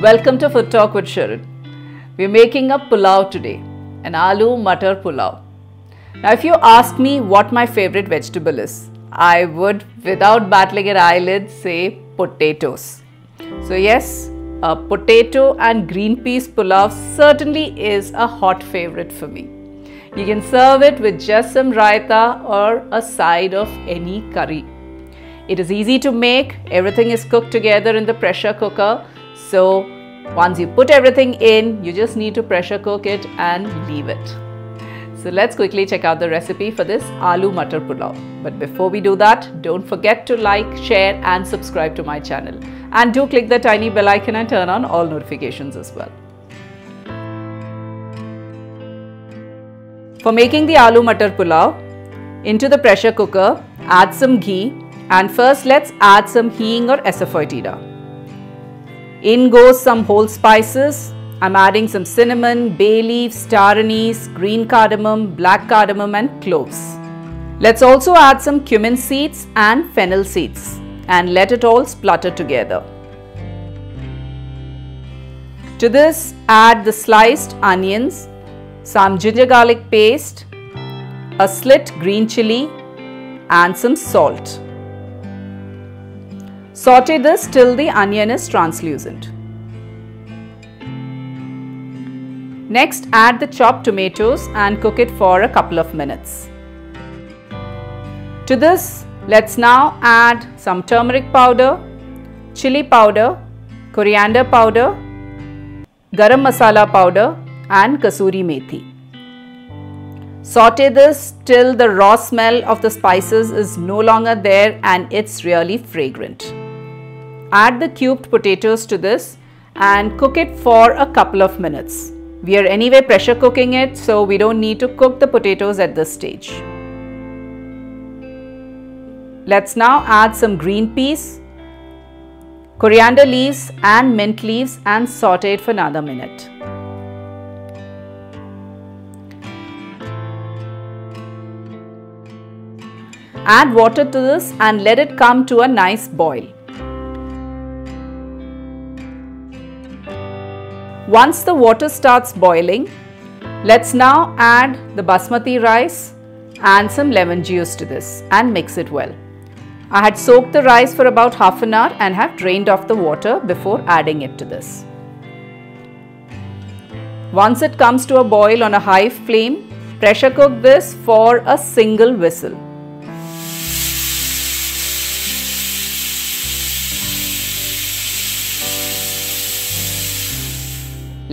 Welcome to Food Talk with Sharon. We're making a pulao today, an aloo matar pulao. Now, if you ask me what my favorite vegetable is, I would, without battling an eyelid, say potatoes. So, yes, a potato and green peas pulao certainly is a hot favorite for me. You can serve it with just some raita or a side of any curry. It is easy to make, everything is cooked together in the pressure cooker so once you put everything in, you just need to pressure cook it and leave it. So let's quickly check out the recipe for this aloo matar pulao. But before we do that, don't forget to like, share and subscribe to my channel. And do click the tiny bell icon and turn on all notifications as well. For making the aloo matar pulao, into the pressure cooker, add some ghee and first let's add some heeng or asafoetida. In goes some whole spices. I'm adding some cinnamon, bay leaf, star anise, green cardamom, black cardamom and cloves. Let's also add some cumin seeds and fennel seeds and let it all splutter together. To this add the sliced onions, some ginger garlic paste, a slit green chilli and some salt. Saute this till the onion is translucent. Next add the chopped tomatoes and cook it for a couple of minutes. To this let's now add some turmeric powder, chili powder, coriander powder, garam masala powder and kasuri methi. Saute this till the raw smell of the spices is no longer there and it's really fragrant. Add the cubed potatoes to this and cook it for a couple of minutes. We are anyway pressure cooking it so we don't need to cook the potatoes at this stage. Let's now add some green peas, coriander leaves and mint leaves and saute it for another minute. Add water to this and let it come to a nice boil. Once the water starts boiling, let's now add the basmati rice and some lemon juice to this and mix it well. I had soaked the rice for about half an hour and have drained off the water before adding it to this. Once it comes to a boil on a high flame, pressure cook this for a single whistle.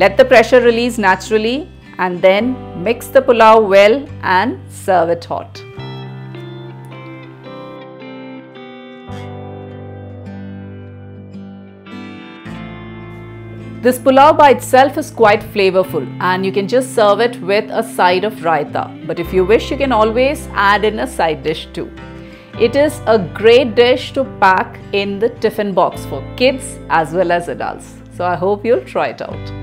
Let the pressure release naturally and then mix the pulao well and serve it hot. This pulao by itself is quite flavorful and you can just serve it with a side of raita. But if you wish, you can always add in a side dish too. It is a great dish to pack in the tiffin box for kids as well as adults. So I hope you'll try it out.